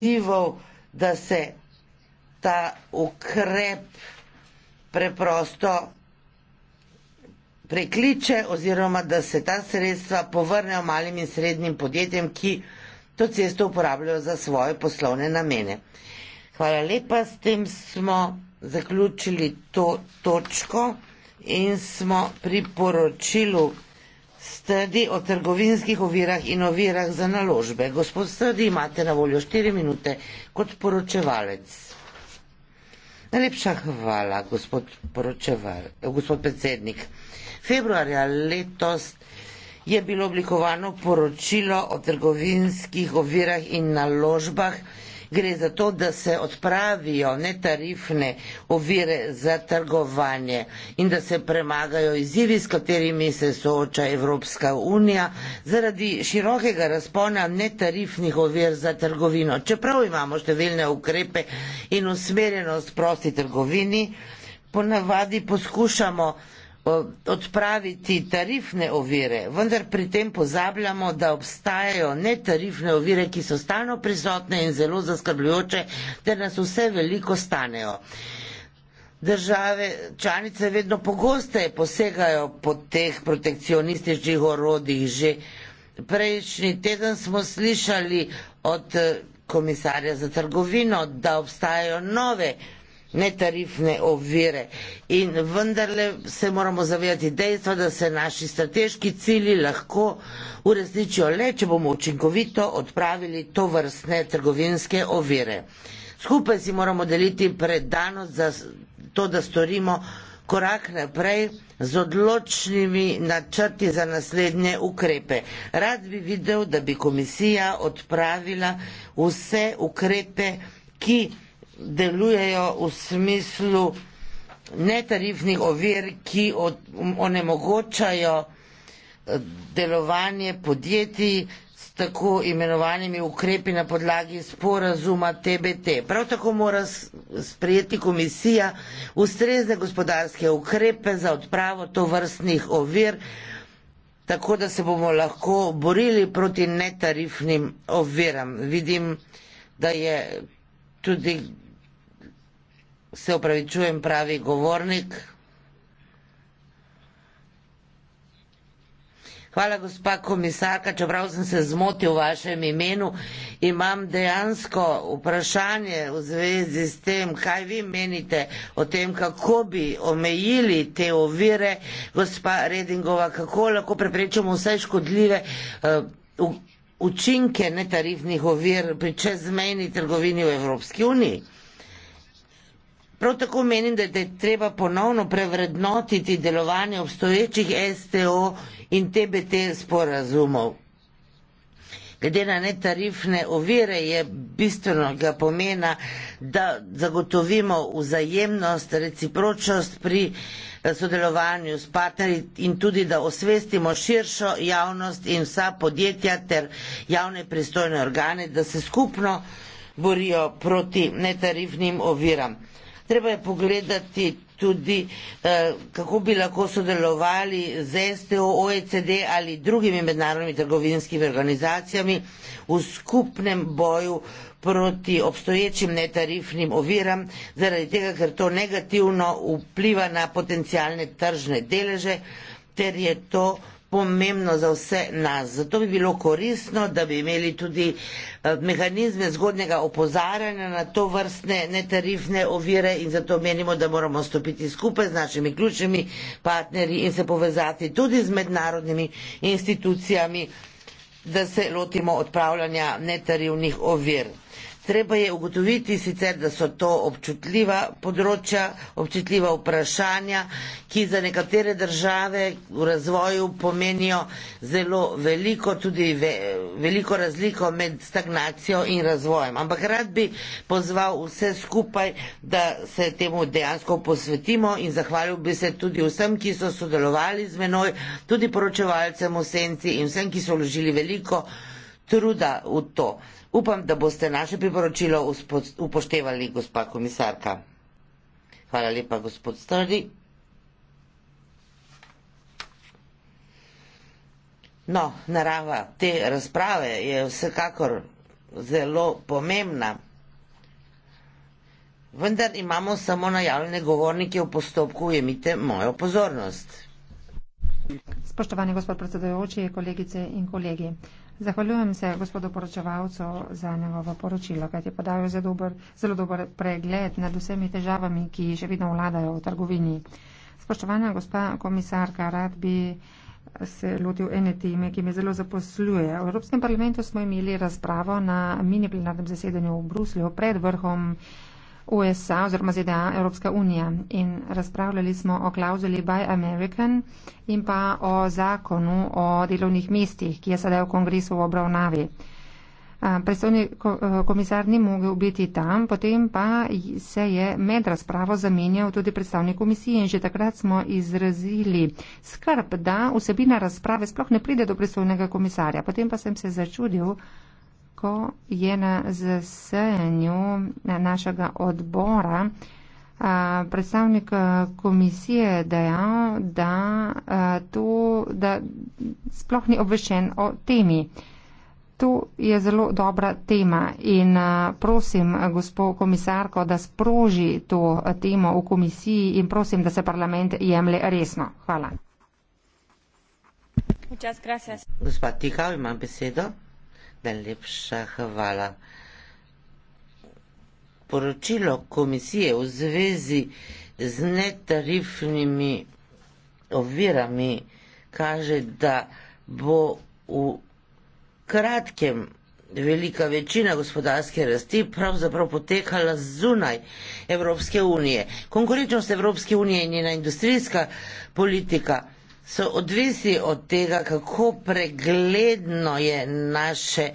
izzival, da se ta ukrep preprosto prekliče oziroma, da se ta sredstva povrnejo malim in srednjim podjetjem, ki to cesto uporabljajo za svoje poslovne namene. Hvala lepa, s tem smo zaključili to točko in smo pri poročilu Strdi o trgovinskih ovirah in ovirah za naložbe. Gospod Strdi, imate na voljo 4 minute kot poročevalec. Najlepša hvala, gospod, poročeval, gospod predsednik. Februarja letos je bilo oblikovano poročilo o trgovinskih ovirah in naložbah gre za to, da se odpravijo netarifne ovire za trgovanje in da se premagajo izzivi, s katerimi se sooča Evropska unija zaradi širokega razpona netarifnih ovir za trgovino. Čeprav imamo številne ukrepe in usmerjenost prosti trgovini, ponavadi poskušamo odpraviti tarifne ovire, vendar pri tem pozabljamo, da obstajajo netarifne ovire, ki so stalno prisotne in zelo zaskrbljujoče, ter nas vse veliko stanejo. Države članice vedno pogosteje posegajo po teh protekcionističnih orodjih. Že prejšnji teden smo slišali od eh, komisarja za trgovino, da obstajajo nove netarifne ovire. In vendarle se moramo zavedati dejstva, da se naši strateški cilji lahko uresničijo le, če bomo učinkovito odpravili to vrstne trgovinske ovire. Skupaj si moramo deliti predanost za to, da storimo korak naprej z odločnimi načrti za naslednje ukrepe. Rad bi videl, da bi komisija odpravila vse ukrepe, ki delujejo v smislu netarifnih ovir, ki od, onemogočajo eh, delovanje podjetij s tako imenovanimi ukrepi na podlagi sporazuma TBT. Prav tako mora sprejeti komisija ustrezne gospodarske ukrepe za odpravo to vrstnih ovir, tako da se bomo lahko borili proti netarifnim oviram. Vidim, da je tudi se opravičujem, pravi govornik. Hvala, gospa komisarka, čeprav sem se zmotil v vašem imenu, imam dejansko vprašanje v zvezi s tem, kaj vi menite o tem, kako bi omejili te ovire, gospa Redingova, kako lahko preprečimo vse škodljive uh, učinke netarifnih ovir pri čezmejni trgovini v Evropski uniji. Prav tako menim, da je treba ponovno prevrednotiti delovanje obstoječih STO in TBT sporazumov. Glede na netarifne ovire je bistvenega pomena, da zagotovimo vzajemnost, recipročnost pri eh, sodelovanju s partnerji in tudi, da osvestimo širšo javnost in vsa podjetja ter javne pristojne organe, da se skupno borijo proti netarifnim oviram treba je pogledati tudi, eh, kako bi lahko sodelovali z STO, OECD ali drugimi mednarodnimi trgovinskimi organizacijami v skupnem boju proti obstoječim netarifnim oviram, zaradi tega, ker to negativno vpliva na potencijalne tržne deleže, ter je to pomembno za vse nas. Zato bi bilo korisno, da bi imeli tudi eh, mehanizme zgodnega opozarjanja na to vrstne netarifne ovire in zato menimo, da moramo stopiti skupaj z našimi ključnimi partnerji in se povezati tudi z mednarodnimi institucijami, da se lotimo odpravljanja netarivnih ovir. Treba je ugotoviti sicer, da so to občutljiva področja, občutljiva vprašanja, ki za nekatere države v razvoju pomenijo zelo veliko, tudi ve, veliko razliko med stagnacijo in razvojem. Ampak rad bi pozval vse skupaj, da se temu dejansko posvetimo in zahvalil bi se tudi vsem, ki so sodelovali z menoj, tudi poročevalcem v senci in vsem, ki so vložili veliko truda v to. Upam, da boste naše priporočilo upoštevali, gospa komisarka. Hvala lepa, gospod Stradi. No, narava te razprave je vsekakor zelo pomembna. Vendar imamo samo najavljene govornike v postopku, ujemite mojo pozornost. Spoštovani gospod predsedujoči, kolegice in kolegi. Zahvaljujem se gospodu poročevalcu za njegovo poročilo, kaj je podal zelo dober pregled nad vsemi težavami, ki še vedno vladajo v trgovini. Spoštovana gospa komisarka, rad bi se lotil ene teme, ki me zelo zaposluje. V Evropskem parlamentu smo imeli razpravo na mini plenarnem zasedanju v Bruslju pred vrhom USA oziroma ZDA Evropska unija in razpravljali smo o klauzuli by American in pa o zakonu o delovnih mestih, ki je sedaj v kongresu v obravnavi. Predstavni eh, komisar ni mogel biti tam, potem pa se je med razpravo zamenjal tudi predstavnik komisije in že takrat smo izrazili skrb, da vsebina razprave sploh ne pride do predstavnega komisarja. Potem pa sem se začudil, ko je na zasejanju našega odbora predstavnik komisije dejal, da, to, da sploh ni obveščen o temi. To je zelo dobra tema in prosim, gospod komisarko, da sproži to temo v komisiji in prosim, da se parlament jemlje resno. Hvala. Gospa Tihal ima besedo najlepša hvala. Poročilo komisije v zvezi z netarifnimi ovirami kaže, da bo v kratkem velika večina gospodarske rasti pravzaprav potekala zunaj Evropske unije. Konkurenčnost Evropske unije in njena industrijska politika so odvisni od tega, kako pregledno je naše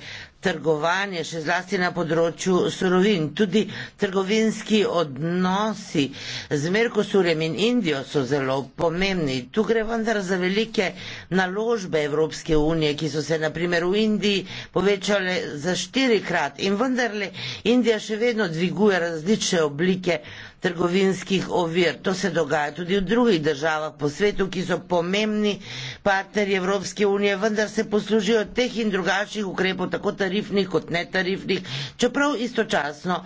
trgovanje, še zlasti na področju surovin. Tudi trgovinski odnosi z Merkosurjem in Indijo so zelo pomembni. Tu gre vendar za velike naložbe Evropske unije, ki so se naprimer v Indiji povečale za štirikrat in vendarle Indija še vedno dviguje različne oblike trgovinskih ovir. To se dogaja tudi v drugih državah po svetu, ki so pomembni partnerji Evropske unije, vendar se poslužijo teh in drugačnih ukrepov, tako tarifnih kot netarifnih, čeprav istočasno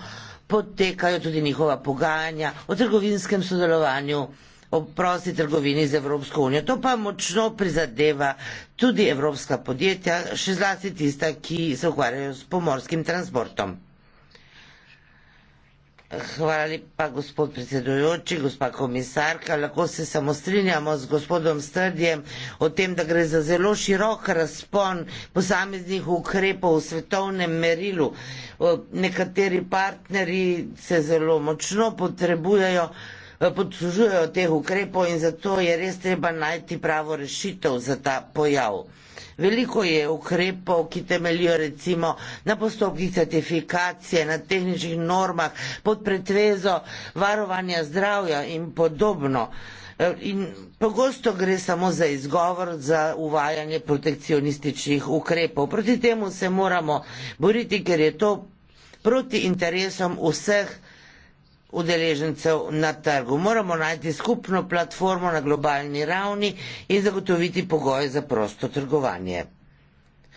potekajo tudi njihova pogajanja o trgovinskem sodelovanju o prosti trgovini z Evropsko unijo. To pa močno prizadeva tudi evropska podjetja, še zlasti tista, ki se ukvarjajo s pomorskim transportom. Hvala lepa, gospod predsedujoči, gospa komisarka. Lahko se samo strinjamo z gospodom Strdjem o tem, da gre za zelo širok razpon posameznih ukrepov v svetovnem merilu. Nekateri partnerji se zelo močno potrebujejo, eh, podsužujejo teh ukrepov in zato je res treba najti pravo rešitev za ta pojav. Veliko je ukrepov, ki temeljijo recimo na postopkih certifikacije, na tehničnih normah, pod pretvezo varovanja zdravja in podobno. E, in pogosto gre samo za izgovor za uvajanje protekcionističnih ukrepov. Proti temu se moramo boriti, ker je to proti interesom vseh udeležencev na trgu. Moramo najti skupno platformo na globalni ravni in zagotoviti pogoje za prosto trgovanje.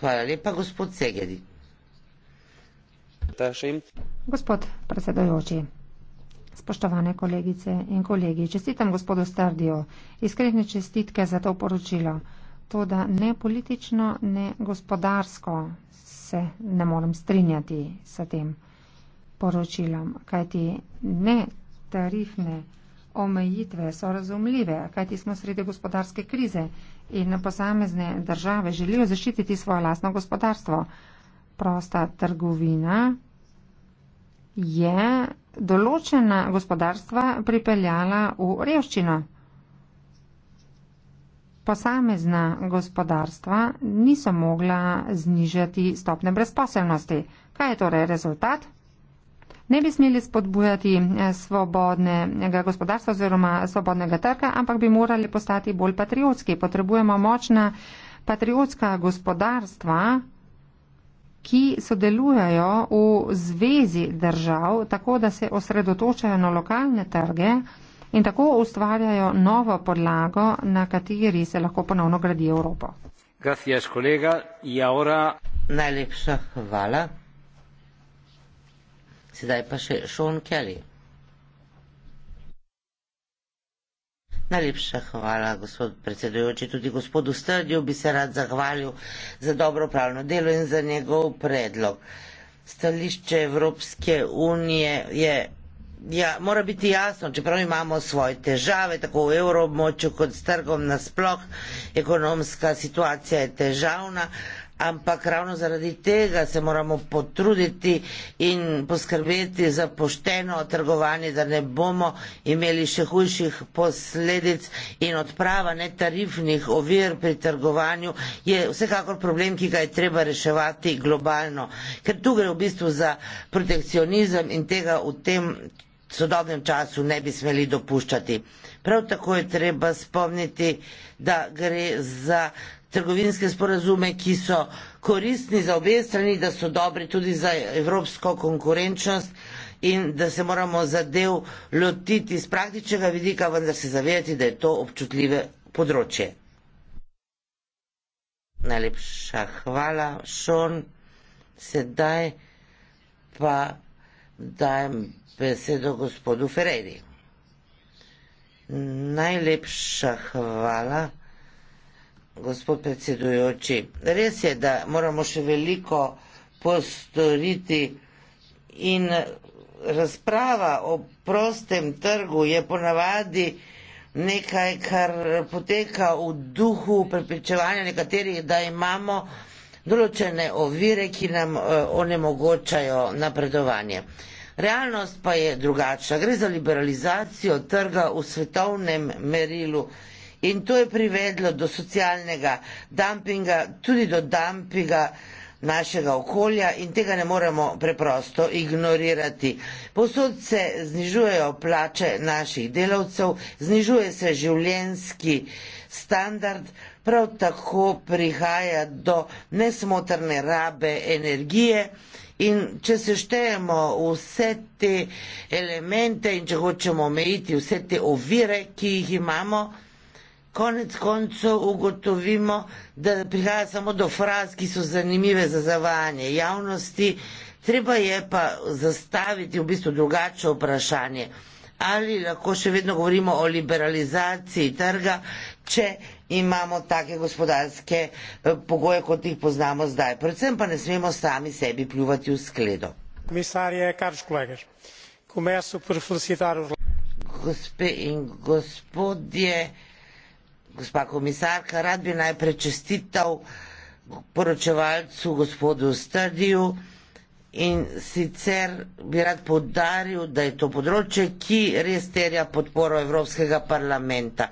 Hvala lepa, gospod Segedi. Gospod predsedojoči, spoštovane kolegice in kolegi, čestitam gospodu Stardijo, iskrene čestitke za to poročilo. To, da ne politično, ne gospodarsko se ne morem strinjati s tem poročilom, kajti ne tarifne omejitve so razumljive, kajti smo sredi gospodarske krize in posamezne države želijo zaščititi svoje lastno gospodarstvo. Prosta trgovina je določena gospodarstva pripeljala v revščino. Posamezna gospodarstva niso mogla znižati stopne brezposelnosti. Kaj je torej rezultat? ne bi smeli spodbujati eh, svobodnega gospodarstva oziroma svobodnega trga, ampak bi morali postati bolj patriotski. Potrebujemo močna patriotska gospodarstva, ki sodelujajo v zvezi držav, tako da se osredotočajo na lokalne trge. In tako ustvarjajo novo podlago, na kateri se lahko ponovno gradi Evropo. Gracias, kolega. Ja, ora. Najlepša hvala. Sedaj pa še Sean Kelly. Najlepša hvala, gospod predsedujoči. Tudi gospodu Strdju bi se rad zahvalil za dobro pravno delo in za njegov predlog. Stališče Evropske unije je, ja, mora biti jasno, čeprav imamo svoje težave, tako v evroobmočju kot s trgom nasploh, ekonomska situacija je težavna ampak ravno zaradi tega se moramo potruditi in poskrbeti za pošteno trgovanje, da ne bomo imeli še hujših posledic in odprava netarifnih ovir pri trgovanju je vsekakor problem, ki ga je treba reševati globalno. Ker tu gre v bistvu za protekcionizem in tega v tem sodobnem času ne bi smeli dopuščati. Prav tako je treba spomniti, da gre za trgovinske sporazume, ki so koristni za obe strani, da so dobri tudi za evropsko konkurenčnost in da se moramo zadev lotiti z praktičnega vidika, vendar se zavedati, da je to občutljive področje. Najlepša hvala, Šon. Sedaj pa dajem besedo gospodu Ferreri. Najlepša hvala gospod predsedujoči. Res je, da moramo še veliko postoriti in razprava o prostem trgu je ponavadi nekaj, kar poteka v duhu prepričevanja nekaterih, da imamo določene ovire, ki nam eh, onemogočajo napredovanje. Realnost pa je drugačna. Gre za liberalizacijo trga v svetovnem merilu in to je privedlo do socialnega dumpinga, tudi do dumpinga našega okolja in tega ne moremo preprosto ignorirati. Posod se znižujejo plače naših delavcev, znižuje se življenski standard, prav tako prihaja do nesmotrne rabe energije in če se štejemo vse te elemente in če hočemo omejiti vse te ovire, ki jih imamo, konec koncev ugotovimo, da prihaja samo do fraz, ki so zanimive za zavajanje javnosti. Treba je pa zastaviti v bistvu drugače vprašanje. Ali lahko še vedno govorimo o liberalizaciji trga, če imamo take gospodarske eh, pogoje, kot jih poznamo zdaj. Predvsem pa ne smemo sami sebi pljuvati v skledo. Gospe in gospodje, gospa komisarka, rad bi najprej čestital poročevalcu gospodu Stadiju in sicer bi rad podaril, da je to področje, ki res terja podporo Evropskega parlamenta.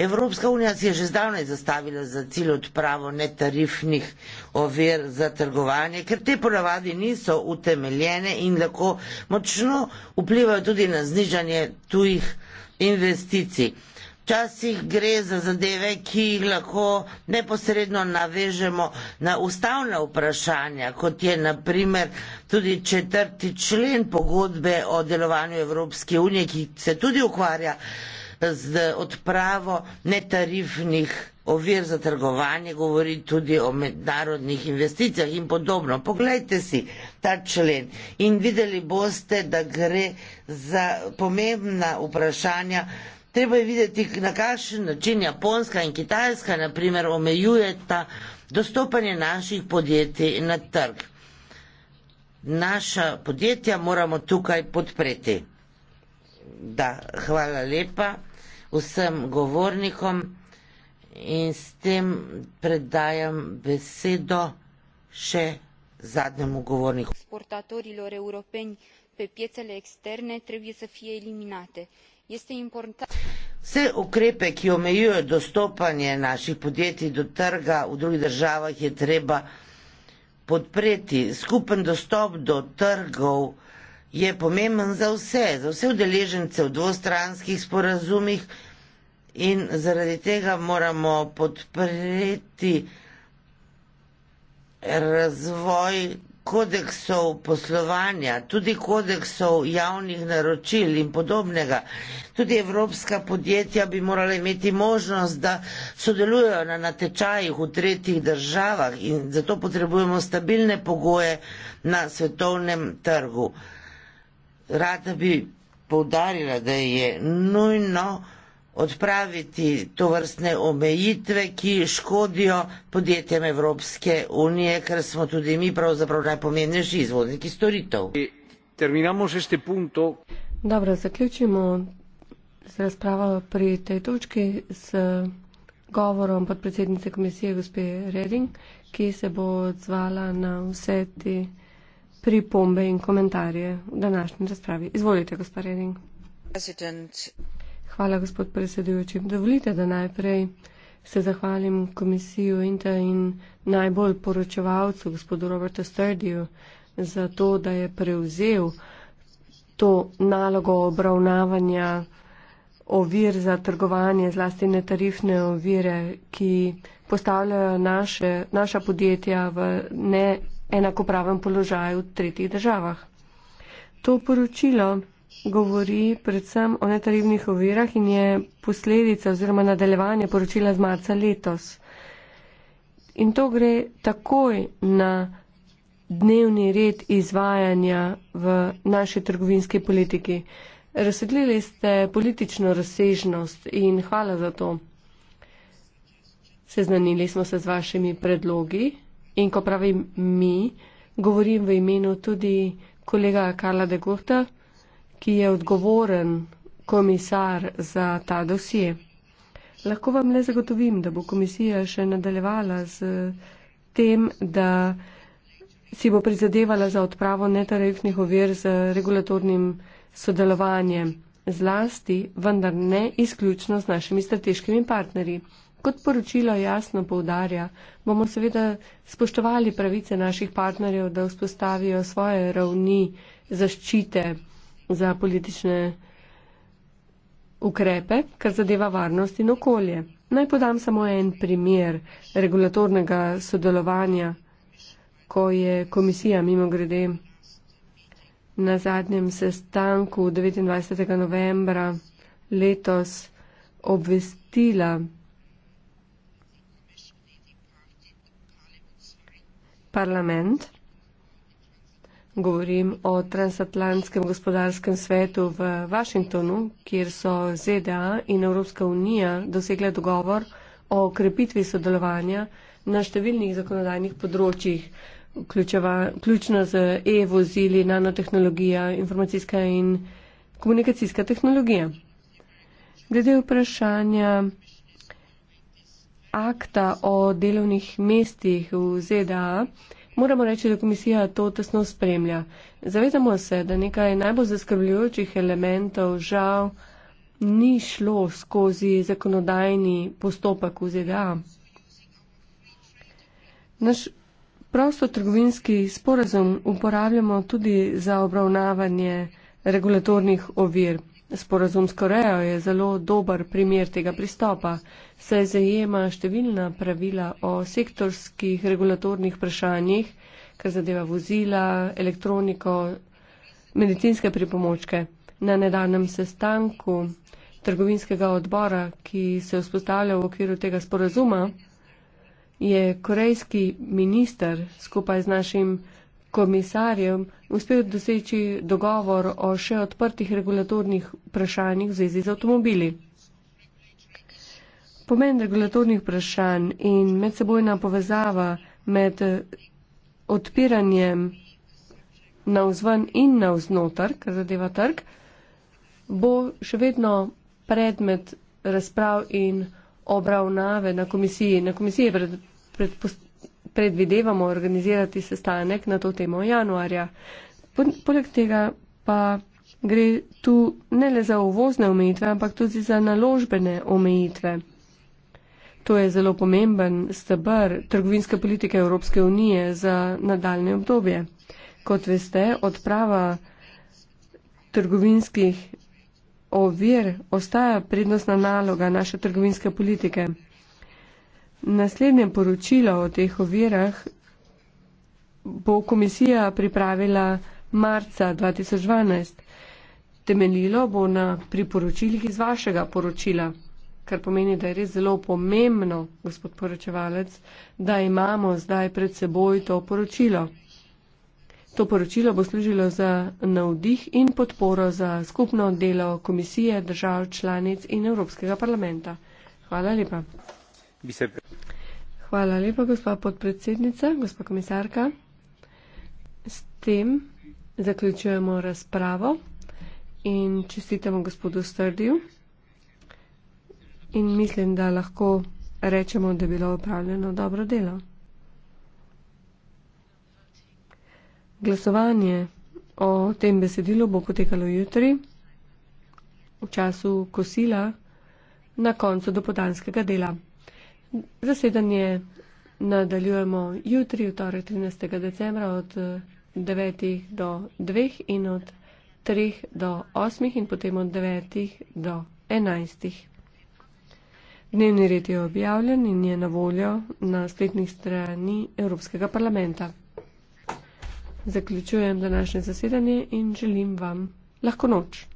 Evropska unija si je že zdavnaj zastavila za cilj odpravo netarifnih ovir za trgovanje, ker te ponavadi niso utemeljene in lahko močno vplivajo tudi na znižanje tujih investicij. Včasih gre za zadeve, ki jih lahko neposredno navežemo na ustavna vprašanja, kot je naprimer tudi četrti člen pogodbe o delovanju Evropske unije, ki se tudi ukvarja z odpravo netarifnih ovir za trgovanje, govori tudi o mednarodnih investicijah in podobno. Poglejte si ta člen in videli boste, da gre za pomembna vprašanja, treba je videti, na kakšen način Japonska in Kitajska naprimer omejujeta dostopanje naših podjetij na trg. Naša podjetja moramo tukaj podpreti. Da, hvala lepa vsem govornikom in s tem predajam besedo še zadnjemu govorniku. Sportatorilor europeni pe piecele externe trebuie să fie eliminate. Vse ukrepe, ki omejujejo dostopanje naših podjetij do trga v drugih državah, je treba podpreti. Skupen dostop do trgov je pomemben za vse, za vse udeležence v dvostranskih sporazumih in zaradi tega moramo podpreti razvoj kodeksov poslovanja, tudi kodeksov javnih naročil in podobnega. Tudi evropska podjetja bi morala imeti možnost, da sodelujejo na natečajih v tretjih državah in zato potrebujemo stabilne pogoje na svetovnem trgu. Rada bi poudarila, da je nujno, odpraviti to vrstne omejitve, ki škodijo podjetjem Evropske unije, ker smo tudi mi pravzaprav najpomembnejši izvozniki storitev. Dobro, zaključimo z razpravo pri tej točki s govorom podpredsednice komisije gospe Reding, ki se bo odzvala na vse te pripombe in komentarje v današnji razpravi. Izvolite, gospa Reding. President. Hvala, gospod predsedujoči. Dovolite, da najprej se zahvalim komisijo INTA in najbolj poročevalcu, gospodu Robertu Sturdiju, za to, da je prevzel to nalogo obravnavanja ovir za trgovanje, zlasti netarifne ovire, ki postavljajo naše, naša podjetja v neenakopraven položaj v tretjih državah. To poročilo govori predvsem o netarivnih ovirah in je posledica oziroma nadaljevanje poročila z marca letos. In to gre takoj na dnevni red izvajanja v naši trgovinski politiki. Razsvetlili ste politično razsežnost in hvala za to. Seznanili smo se z vašimi predlogi in ko pravim mi, govorim v imenu tudi kolega Karla de Gorta ki je odgovoren komisar za ta dosje. Lahko vam le zagotovim, da bo komisija še nadaljevala z tem, da si bo prizadevala za odpravo netarifnih ovir z regulatornim sodelovanjem zlasti, vendar ne izključno z našimi strateškimi partnerji. Kot poročilo jasno povdarja, bomo seveda spoštovali pravice naših partnerjev, da vzpostavijo svoje ravni zaščite za politične ukrepe, kar zadeva varnost in okolje. Naj podam samo en primer regulatornega sodelovanja, ko je komisija mimo grede na zadnjem sestanku 29. novembra letos obvestila parlament Govorim o transatlantskem gospodarskem svetu v Washingtonu, kjer so ZDA in Evropska unija dosegle dogovor o krepitvi sodelovanja na številnih zakonodajnih področjih, ključno z e-vozili, nanotehnologija, informacijska in komunikacijska tehnologija. Glede vprašanja akta o delovnih mestih v ZDA, Moramo reči, da komisija to tesno spremlja. Zavedamo se, da nekaj najbolj zaskrbljujočih elementov žal ni šlo skozi zakonodajni postopek v ZDA. Naš prostotrgovinski sporazum uporabljamo tudi za obravnavanje regulatornih ovir. Sporazum s Korejo je zelo dober primer tega pristopa, saj zajema številna pravila o sektorskih regulatornih vprašanjih, kar zadeva vozila, elektroniko, medicinske pripomočke. Na nedavnem sestanku trgovinskega odbora, ki se je vzpostavljal v okviru tega sporazuma, je korejski minister skupaj z našim komisarjem uspel doseči dogovor o še odprtih regulatornih vprašanjih v zvezi z avtomobili. Pomen regulatornih vprašanj in medsebojna povezava med odpiranjem navzven in navznotar, kar zadeva trg, bo še vedno predmet razprav in obravnave na komisiji. Na komisiji predpostavljamo. Pred predvidevamo organizirati sestanek na to temo januarja. Poleg tega pa gre tu ne le za uvozne omejitve, ampak tudi za naložbene omejitve. To je zelo pomemben stebr trgovinske politike Evropske unije za nadaljne obdobje. Kot veste, odprava trgovinskih ovir ostaja prednostna naloga naše trgovinske politike. Naslednje poročilo o teh ovirah bo komisija pripravila marca 2012. Temeljilo bo na priporočilih iz vašega poročila, kar pomeni, da je res zelo pomembno, gospod poročevalec, da imamo zdaj pred seboj to poročilo. To poročilo bo služilo za navdih in podporo za skupno delo komisije držav članic in Evropskega parlamenta. Hvala lepa. Hvala lepa, gospa podpredsednica, gospa komisarka. S tem zaključujemo razpravo in čestitamo gospodu Strdiju. In mislim, da lahko rečemo, da je bilo upravljeno dobro delo. Glasovanje o tem besedilu bo potekalo jutri v času kosila na koncu dopodanskega dela. Zasedanje nadaljujemo jutri, v torej 13. decembra od 9. do 2. in od 3. do 8. in potem od 9. do 11. Dnevni red je objavljen in je na voljo na spletnih strani Evropskega parlamenta. Zaključujem današnje zasedanje in želim vam lahko noč.